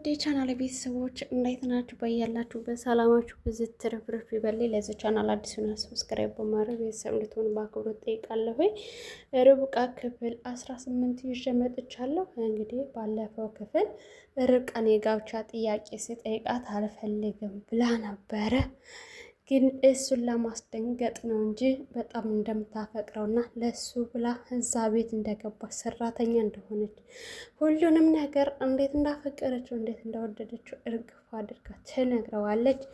ውድ የቻናል ቤተሰቦች እንዴት ናችሁ? በያላችሁበት በሰላማችሁ ብዝት ትርፍርፍ ይበል። ለዚህ ቻናል አዲስ ሆና ሰብስክራይብ በማድረግ ቤተሰብ እንድትሆኑ በአክብሮት ጠይቃለሁ። ርብቃ ክፍል አስራ ስምንት ይዤ መጥቻለሁ። እንግዲህ ባለፈው ክፍል ርብቃን የጋብቻ ጥያቄ ስጠይቃት አልፈልግም ብላ ነበረ ግን እሱን ለማስደንገጥ ነው እንጂ በጣም እንደምታፈቅረውና ለሱ ብላ እዛ ቤት እንደገባች ሰራተኛ እንደሆነች ሁሉንም ነገር እንዴት እንዳፈቀረችው እንዴት እንደወደደችው እርግፍ አድርጋ ትነግረዋለች።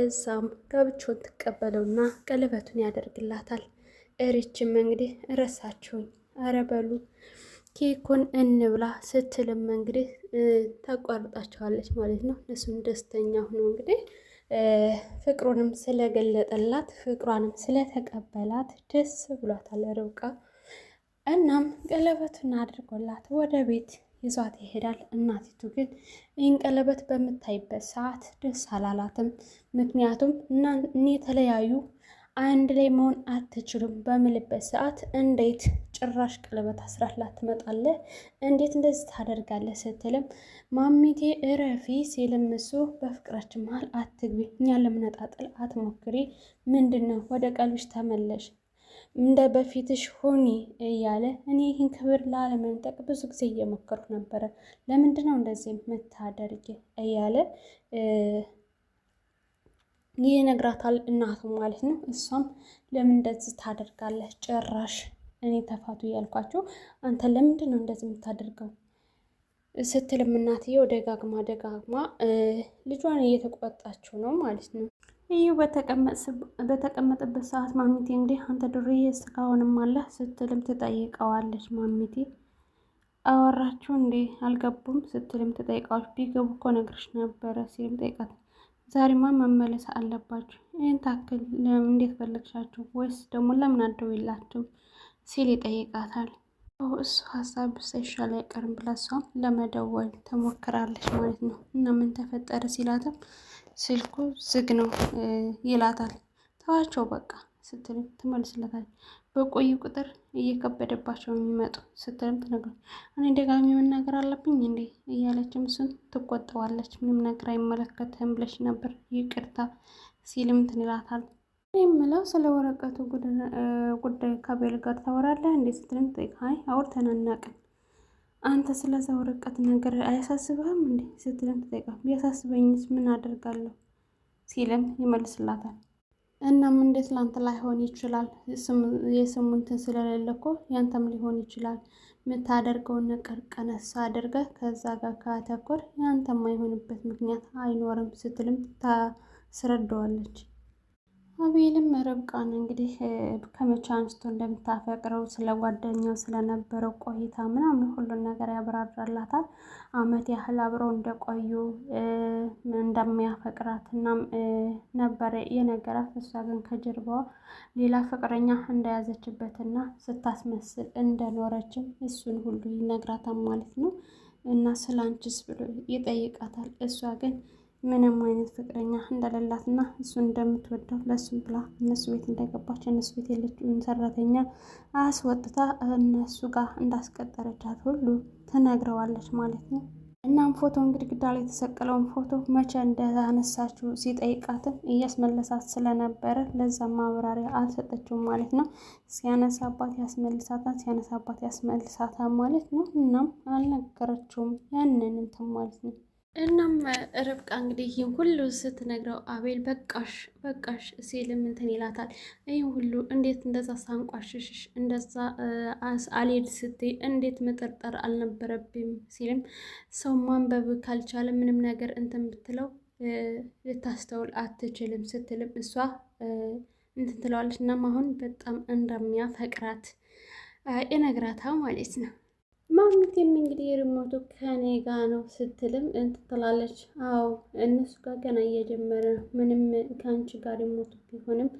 እዛም ጋብቻውን ትቀበለውና ቀለበቱን ያደርግላታል። እሪችም እንግዲህ ረሳችሁኝ፣ አረበሉ በሉ ኬኩን እንብላ ስትልም እንግዲህ ታቋርጣቸዋለች ማለት ነው። እሱም ደስተኛ ሆኖ እንግዲህ ፍቅሩንም ስለገለጠላት ፍቅሯንም ስለተቀበላት ደስ ብሏታል ርብቃ። እናም ቀለበቱን አድርጎላት ወደ ቤት ይዟት ይሄዳል። እናቲቱ ግን ይህን ቀለበት በምታይበት ሰዓት ደስ አላላትም። ምክንያቱም እኔ የተለያዩ አንድ ላይ መሆን አትችሉም በምልበት ሰዓት እንዴት ጭራሽ ቀለበት አስራላት ትመጣለህ? እንዴት እንደዚህ ታደርጋለህ? ስትልም ማሚቴ እረፊ ሲልም እሱ በፍቅራችን መሀል አትግቢ፣ እኛ ለምነጣጠል አትሞክሪ፣ ምንድን ነው ወደ ቀልብሽ ተመለሽ እንደ በፊትሽ ሆኒ እያለ እኔ ይህን ክብር ላለመንጠቅ ብዙ ጊዜ እየሞከርኩ ነበረ። ለምንድን ነው እንደዚህ የምታደርጊ እያለ ይህ ነግራታል እናቱ ማለት ነው። እሷም ለምን እንደዚህ ታደርጋለህ? ጭራሽ እኔ ተፋቱ እያልኳቸው አንተ ለምንድን ነው እንደዚህ የምታደርገው ስትልም እናትየው ደጋግማ ደጋግማ ልጇን እየተቆጣችው ነው ማለት ነው። ይህ በተቀመጠበት ሰዓት ማሚቴ እንዲህ አንተ ዱርዬ እስካሁንም አለህ ስትልም ትጠይቀዋለች። ማሚቴ አወራችሁ እንዴ አልገቡም ስትልም ትጠይቃዎች ቢገቡ እኮ ነግርሽ ነበረ ሲልም ጠይቃት ዛሬማ መመለስ አለባችሁ። ይህን ታክል እንዴት ፈለግሻችሁ? ወይስ ደግሞ ለምን አደውላችሁ ሲል ይጠይቃታል። እሱ ሀሳብ ሳይሻል አይቀርም ብላ እሷም ለመደወል ትሞክራለች ማለት ነው። እና ምን ተፈጠረ ሲላትም ስልኩ ዝግ ነው ይላታል። ተዋቸው በቃ ስትልም ትመልስለታለች። በቆዩ ቁጥር እየከበደባቸው የሚመጡ ስትልም ትነግረው እኔ ደጋሚ መናገር አለብኝ እንዴ እያለችም እሱን ትቆጠዋለች። ምንም ነገር አይመለከትህም ብለሽ ነበር ይቅርታ ሲልም ትንላታል። የምለው ስለ ወረቀቱ ጉዳይ ከቤል ጋር ታወራለህ እንዴ ስትልም ትጠይቅ አይ አውርተን አናውቅም አንተ ስለዛ ወረቀት ነገር አያሳስብህም እንዴ ስትልም ትጠይቃል። ቢያሳስበኝስ ምን አደርጋለሁ ሲልም ይመልስላታል። እናም እንዴት ላንተ ላይሆን ይችላል? የስሙ እንትን ስለሌለ እኮ ያንተም ሊሆን ይችላል። የምታደርገውን ነገር ቀነስ አድርገህ ከዛ ጋር ካተኮር ያንተም አይሆንበት ምክንያት አይኖርም ስትልም ታስረዳዋለች። አቤልም ርብቃን እንግዲህ ከመቼ አንስቶ እንደምታፈቅረው ስለ ጓደኛው ስለነበረው ቆይታ ምናምን ሁሉን ነገር ያብራራላታል። አመት ያህል አብረው እንደቆዩ እንደሚያፈቅራት እናም ነበረ የነገራት። እሷ ግን ከጀርባዋ ሌላ ፍቅረኛ እንደያዘችበትና ስታስመስል እንደኖረችም እሱን ሁሉ ይነግራታል ማለት ነው። እና ስለ አንቺስ ብሎ ይጠይቃታል። እሷ ግን ምንም አይነት ፍቅረኛ እንደሌላት እና እሱ እንደምትወደው ለእሱ ብላ እነሱ ቤት እንደገባች እነሱ ቤት የለችውን ሰራተኛ አስወጥታ እነሱ ጋር እንዳስቀጠረቻት ሁሉ ትነግረዋለች ማለት ነው። እናም ፎቶውን ግድግዳ ላይ የተሰቀለውን ፎቶ መቼ እንዳነሳችው ሲጠይቃትም እያስመለሳት ስለነበረ ለዛ ማብራሪያ አልሰጠችውም ማለት ነው። ሲያነሳባት ያስመልሳታል፣ ሲያነሳባት ያስመልሳታል ማለት ነው። እናም አልነገረችውም ያንን እንትን ማለት ነው። እናም ርብቃ እንግዲህ ይህ ሁሉ ስትነግረው አቤል በቃሽ በቃሽ ሲልም እንትን ይላታል። ይህ ሁሉ እንዴት እንደዛ ሳንቋሽሽሽ እንደዛ አልሄድ ስትይ እንዴት መጠርጠር አልነበረብም ሲልም ሰው ማንበብ ካልቻለ ምንም ነገር እንትን ብትለው ልታስተውል አትችልም ስትልም እሷ እንትን ትለዋለች። እናም አሁን በጣም እንደሚያፈቅራት ይነግራታል ማለት ነው። ማሚቴም እንግዲህ ሪሞቱ ከኔ ጋ ነው ስትልም እንትትላለች። አዎ እነሱ ጋር ገና እየጀመረ ነው። ምንም ከአንቺ ጋር ሪሞቱ ቢሆንም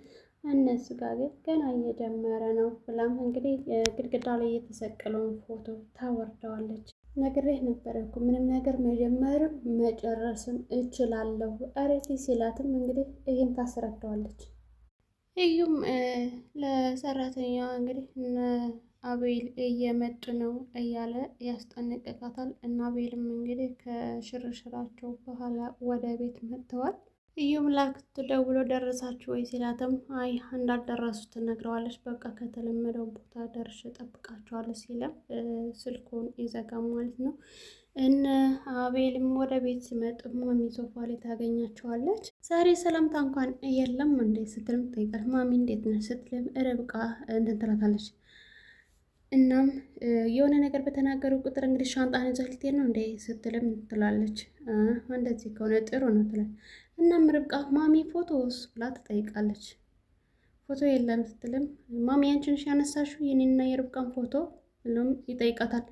እነሱ ጋር ገና እየጀመረ ነው ብላም እንግዲህ ግድግዳ ላይ የተሰቀለውን ፎቶ ታወርደዋለች። ነግሬህ ነበረ እኮ ምንም ነገር መጀመርም መጨረስም እችላለሁ አሬቲ ሲላትም እንግዲህ ይህን ታስረዳዋለች። እዩም ለሰራተኛዋ እንግዲህ አቤል እየመጡ ነው እያለ ያስጠነቅቃታል። እና አቤልም እንግዲህ ከሽርሽራቸው በኋላ ወደ ቤት መጥተዋል። እዩምላክ ደውሎ ደረሳችሁ ወይ ሲላትም አይ እንዳልደረሱ ትነግረዋለች። በቃ ከተለመደው ቦታ ደርሼ እጠብቃቸዋለሁ ሲለም ስልኩን ይዘጋም ማለት ነው። እነ አቤልም ወደ ቤት ሲመጡ ማሚ ሶፋ ላይ ታገኛቸዋለች። ዛሬ ሰላምታ እንኳን የለም እንዴ ስትልም ጠይቃል። ማሚ እንዴት ነ ስትልም ርብቃ እንትን ትላታለች። የሆነ ነገር በተናገሩ ቁጥር እንግዲህ ሻንጣን ይዘህ ልትሄድ ነው እንዴ ስትልም ትላለች። እንደዚህ ከሆነ ጥሩ ነው ትላል። እናም ርብቃ ማሚ ፎቶስ ብላ ትጠይቃለች። ፎቶ የለም ስትልም ማሚ አንቺ ነሽ ያነሳሽው የኔንና የርብቃን ፎቶ ብሎም ይጠይቃታል።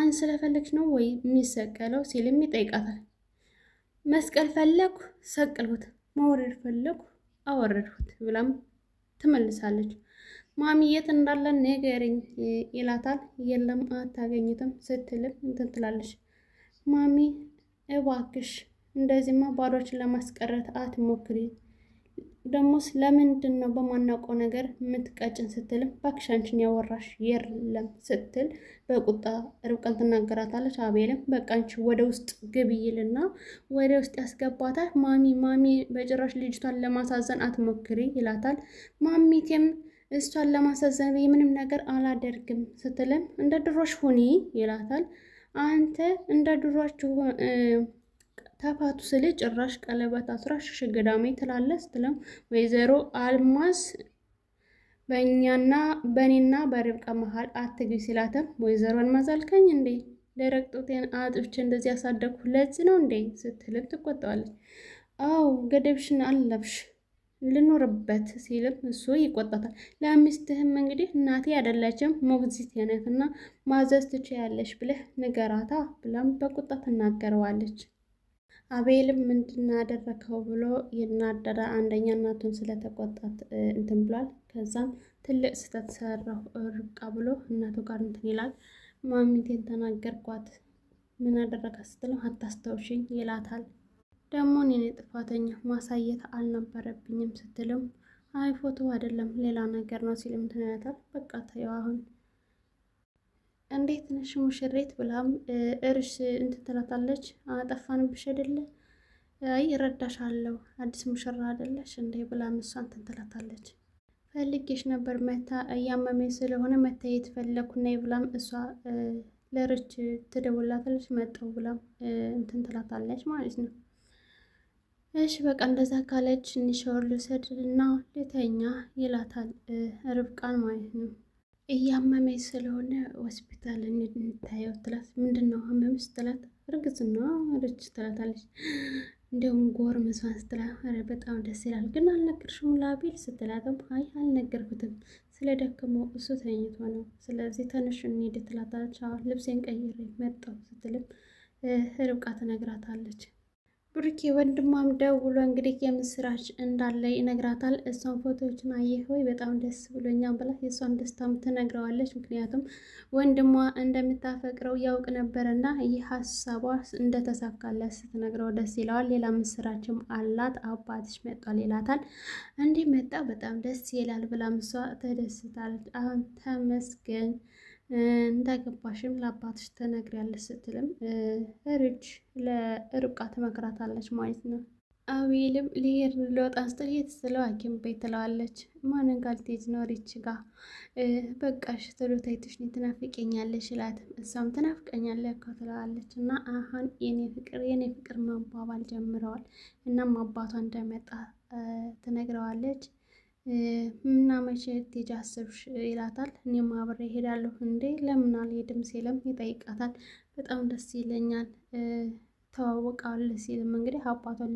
አንቺ ስለፈለግሽ ነው ወይ የሚሰቀለው ሲልም ይጠይቃታል። መስቀል ፈለግኩ ሰቅልሁት መውረድ ፈለግኩ አወረድሁት ብላም ትመልሳለች። ማሚ የት እንዳለ ንገሪኝ ይላታል። የለም አታገኙትም ስትልም እንትን ትላለች። ማሚ እባክሽ እንደዚህማ ባዶችን ለማስቀረት አትሞክሪ፣ ደግሞስ ለምንድን ነው በማናውቀው ነገር የምትቀጭን? ስትልም ባክሻንችን ያወራሽ የለም ስትል በቁጣ ርብቃን ትናገራታለች። አቤልም በቃንች ወደ ውስጥ ግብ ይልና ወደ ውስጥ ያስገባታል። ማሚ ማሚ በጭራሽ ልጅቷን ለማሳዘን አትሞክሪ ይላታል። ማሚቴም እሷን ለማሳዘን የምንም ነገር አላደርግም ስትልም እንደ ድሮሽ ሁኒ ይላታል። አንተ እንደ ድሯችሁ ተፋቱ ስል ጭራሽ ቀለበት አስራሽ ሽግዳሜ ትላለ ስትልም ወይዘሮ አልማዝ በእኛና በእኔና በርብቃ መሀል አትግቢ ሲላትም ወይዘሮ አልማዝ አልከኝ እንዴ ደረቅ ጡቴን አጥብቼ እንደዚህ ያሳደግኩ ለዚህ ነው እንዴ ስትልም ትቆጠዋለች። አው ገደብሽን አለብሽ ልኖርበት ሲልም እሱ ይቆጣታል። ለሚስትህም እንግዲህ እናቴ አይደለችም ሞግዚት ናት እና ማዘዝ ትችያለሽ ብለህ ንገራታ ብላም በቁጣ ትናገረዋለች። አቤልም ምንድን ያደረከው ብሎ ይናደራ። አንደኛ እናቱን ስለተቆጣት እንትን ብሏል። ከዛም ትልቅ ስህተት ሰራሁ ርብቃ ብሎ እናቱ ጋር እንትን ይላል። ማሚቴን ተናገርኳት ምን አደረጋት ስትለው አታስታውሽኝ ይላታል። ደግሞ እኔ ጥፋተኛ ማሳየት አልነበረብኝም ስትልም አይ ፎቶ አይደለም ሌላ ነገር ነው ሲልም ትነግራታል። በቃ ተይው አሁን እንዴት ነሽ ሙሽሬት ብላም እርሽ እንትን ትላታለች። አጠፋንብሽ አይደለ አይ እረዳሻለሁ አዲስ ሙሽራ አይደለሽ እንዴ ብላም እሷ እንትን ትላታለች። ፈልጌሽ ነበር መታ እያመመኝ ስለሆነ መታየት ፈለኩ ነይ ብላም እሷ ለርች ትደውላታለች። መጠው ብላም እንትን ትላታለች ማለት ነው። እሺ በቃ እንደዛ ካለች እንሻወር ልውሰድ እና ልተኛ ይላታል ርብቃን ማለት ነው። እያመመኝ ስለሆነ ሆስፒታል እንታየው ትላት። ምንድን ነው አመመሽ ትላት። እርግዝና አለች ትላታለች። እንዲሁም ጎርምሷን ስትላት በጣም ደስ ይላል ግን አልነገርሽም ላቤል ስትላትም አይ አልነገርኩትም ስለደከመው እሱ ተኝቶ ነው። ስለዚህ ተነሽ እንሂድ ትላታለች። ልብሴን ቀይሬ መጣሁ ስትልም ርብቃ ትነግራታለች። ብሩኬ ወንድሟም ደውሎ እንግዲህ የምስራች እንዳለ ይነግራታል። እሷን ፎቶዎችን አየህ ወይ በጣም ደስ ብሎኛል ብላ የእሷን ደስታም ትነግረዋለች። ምክንያቱም ወንድሟ እንደምታፈቅረው ያውቅ ነበረና ይህ ሀሳቧ እንደተሳካለት ስትነግረው ደስ ይለዋል። ሌላ ምስራችም አላት፣ አባትሽ መጧል ይላታል። እንዲህ መጣ በጣም ደስ ይላል ብላም እሷ ተደስታለች። አሁን ተመስገን እንዳገባሽም ለአባትሽ ተነግሪያለሽ ስትልም ርጅ ለርብቃ ትመክራታለች ማለት ነው። አቤልም ልሄድ ልወጣ ስትል የት ስለው ሐኪም ቤት ትለዋለች። ማንን ጋር ልትሄጂ ነው? ሪች ጋር በቃሽ ቶሎ ታይቶሽ ነው ትናፍቀኛለሽ ይላት። እሷም ትናፍቀኛለህ እኮ ትለዋለች። እና አሁን የኔ ፍቅር የኔ ፍቅር መባባል ጀምረዋል። እናም አባቷ እንደመጣ ትነግረዋለች። እና መቼ ልትሄጂ አሰብሽ ይላታል። እኔም አብሬ እሄዳለሁ እንዴ ለምን አልሄድም ሲልም ይጠይቃታል። በጣም ደስ ይለኛል ተዋውቃል ሲልም እንግዲህ አባቷን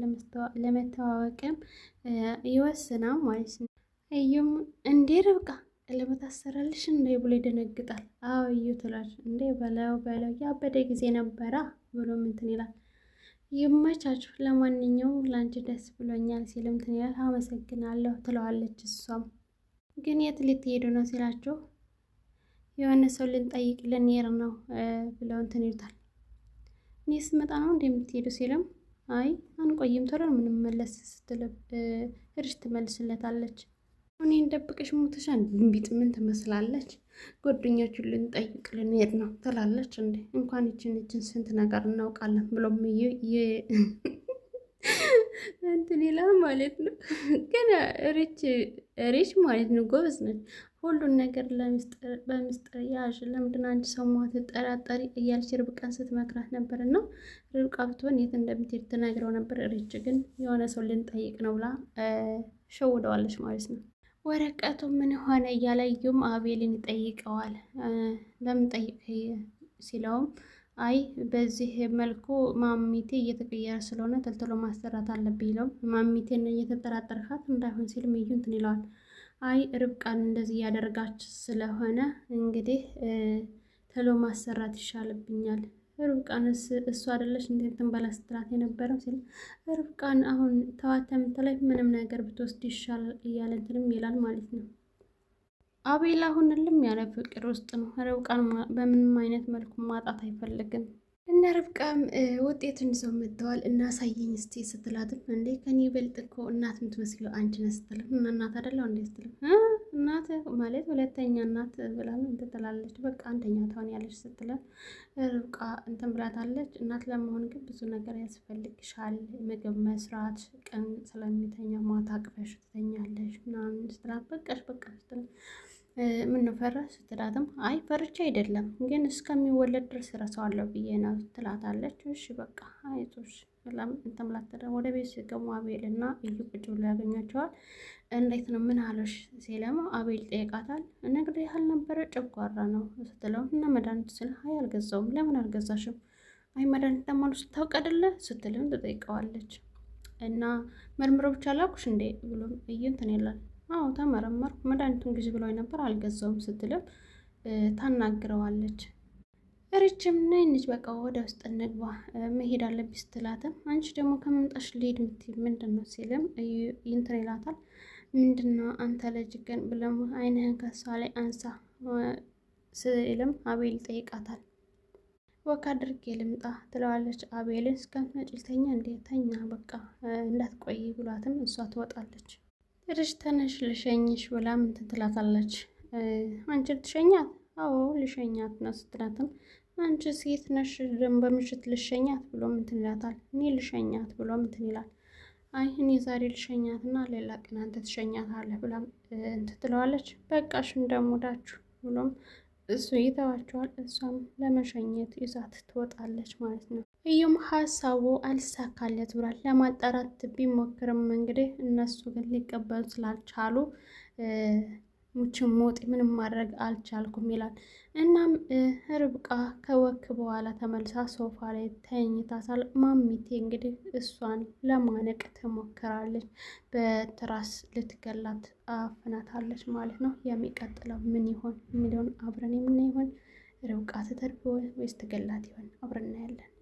ለመተዋወቅም ይወስናል ማለት ነው። እዩም እንዴ ርብቃ ቀለበት አሰራልሽ እንዴ ብሎ ይደነግጣል። አዎ እዩ ትላለች። እንዴ በለው በለው ያበደ ጊዜ ነበራ ብሎ ምንትን ይላል። ይመቻችሁ። ለማንኛውም ላንቺ ደስ ብሎኛል ሲልም ትንያል አመሰግናለሁ ትለዋለች። እሷም ግን የት ልትሄዱ ነው ሲላችሁ የሆነ ሰው ልንጠይቅ ልንሄድ ነው ብለው እንትን ይሉታል። እኔ ስመጣ ነው እንደ የምትሄዱ ሲልም አይ አንቆይም ቶሎ ምንመለስ የምንመለስ ስትል እርሽ ትመልስለታለች። እኔን እንደብቀሽ ሞተሻ እንቢጥ ምን ትመስላለች? ጓደኛችን ልንጠይቅ ልንሄድ ነው ትላለች። እንዴ እንኳን እችን እችን ስንት ነገር እናውቃለን ብሎም እንትን ይላል ማለት ነው። ግን ሪች ሪች ማለት ነው። ጎበዝ ነች። ሁሉን ነገር በምስጥር ያዥ። ለምድን አንድ ሰው ትጠራጠሪ እያልሽ ርብቃን ስትመክራት ነበር እና ርብቃ ብትሆን የት እንደምትሄድ ትነግረው ነበር። ሪች ግን የሆነ ሰው ልንጠይቅ ነው ብላ ሸውደዋለች ማለት ነው። ወረቀቱ ምን ሆነ እያለ እዩም አቤልን ይጠይቀዋል። ለምን ጠይቅ ሲለውም አይ በዚህ መልኩ ማሚቴ እየተቀየረ ስለሆነ ተልትሎ ማሰራት አለብኝ ይለውም ማሚቴን እየተጠራጠርካት እንዳይሆን ሲል እዩ እንትን ይለዋል። አይ ርብቃን እንደዚህ እያደረጋች ስለሆነ እንግዲህ ተሎ ማሰራት ይሻልብኛል ርብቃንስ እሱ አይደለች እንትን በላ ስትላት የነበረው ሲል ርብቃን አሁን ተዋታ የምትለው ምንም ነገር ብትወስድ ይሻል እያለ እንትንም ይላል ማለት ነው። አቤል አሁን ልም ያለ ፍቅር ውስጥ ነው። ርብቃን በምንም አይነት መልኩ ማጣት አይፈልግም። እና ርብቃም ውጤቱን ይዘው መጥተዋል። እናሳየኝ እስቲ ስትላትም እንዴ ከኔ ይበልጥ እኮ እናት የምትመስለው አንቺ ነ ስትልም እና እናት አይደለሁ እንዴ ስትልም እናት ማለት ሁለተኛ እናት ብላ እንትን ትላለች። በቃ አንደኛ ትሆን ያለች ስትላት ርብቃ እንትን ብላታለች። እናት ለመሆን ግን ብዙ ነገር ያስፈልግሻል። ምግብ መስራት፣ ቀን ስለሚተኛ ማታ አቅፈሽ ትተኛለሽ ምናምን ስትላት በቃሽ በቃ ስትላት ምን ፈረስ ትላትም፣ አይ ፈርቻ አይደለም ግን እስከሚወለድ ድረስ ረሳዋለሁ ብዬ ነው ትላታለች። እሺ በቃ አይቶሽ ሰላም እንተምላተደ ወደ ቤት ሲገቡ አቤልና እዩ ቁጭ ብሎ ያገኛቸዋል። እንዴት ነው ምን አለሽ ሲለም አቤል ጠይቃታል። ነግድ ያህል ነበረ ጨጓራ ነው ስትለው እና መድኃኒት ስለ አይ አልገዛውም። ለምን አልገዛሽም? አይ መድኃኒት ለማሉ ስታውቅ ስትልም ትጠይቀዋለች። እና መርምሮ ብቻ ላኩሽ እንዴ ብሎም እይንትን ይላል አዎ ተመረመርኩ፣ መድኃኒቱን ግዢ ብለው ነበር አልገዛውም ስትልም ታናግረዋለች። ርችም ነይ እንጂ በቃ ወደ ውስጥ እንግባ መሄድ አለብኝ ስትላትም አንቺ ደግሞ ከመምጣሽ ልሄድ ምትል ምንድን ነው ሲልም እንትን ይላታል። ምንድን ነው አንተ ልጅ ግን ብለም አይንህን ከሷ ላይ አንሳ ሲልም አቤል ጠይቃታል። ወካ አድርጌ ልምጣ ትለዋለች። አቤልን እስከምትመጪ ልተኛ እንዴ ተኛ በቃ እንዳትቆይ ብሏትም እሷ ትወጣለች። እርሽ ተነሽ ልሸኝሽ ብላ ምን ትላታለች። አንቺ ልትሸኛት? አዎ ልሸኛት ነው ስትላትም አንቺ ሴት ነሽ በምሽት ልሸኛት ብሎ ምንትን ይላታል። እኔ ልሸኛት ብሎ ምንትን ይላል። አይ እኔ ዛሬ ልሸኛት ሌላ ቀን አንተ አለ ብላ ትትለዋለች። በቃ እንደሙዳችሁ ብሎም እሱ ይተዋቸዋል። እሷም ለመሸኘት ይዛት ትወጣለች ማለት ነው። እዩም ሀሳቡ አልሳካለት ብሏል። ለማጣራት ቢሞክርም እንግዲህ እነሱ ግን ሊቀበሉ ስላልቻሉ ሙችን ሞጥ ምንም ማድረግ አልቻልኩም ይላል። እናም ርብቃ ከወክ በኋላ ተመልሳ ሶፋ ላይ ተኝታሳል። ማሚቴ እንግዲህ እሷን ለማነቅ ትሞክራለች። በትራስ ልትገላት አፍናታለች ማለት ነው። የሚቀጥለው ምን ይሆን የሚለውን አብረን የምናይ ይሆን? ርብቃ ስትርፍ ይሆን ወይስ ትገላት ይሆን? አብረን እናያለን።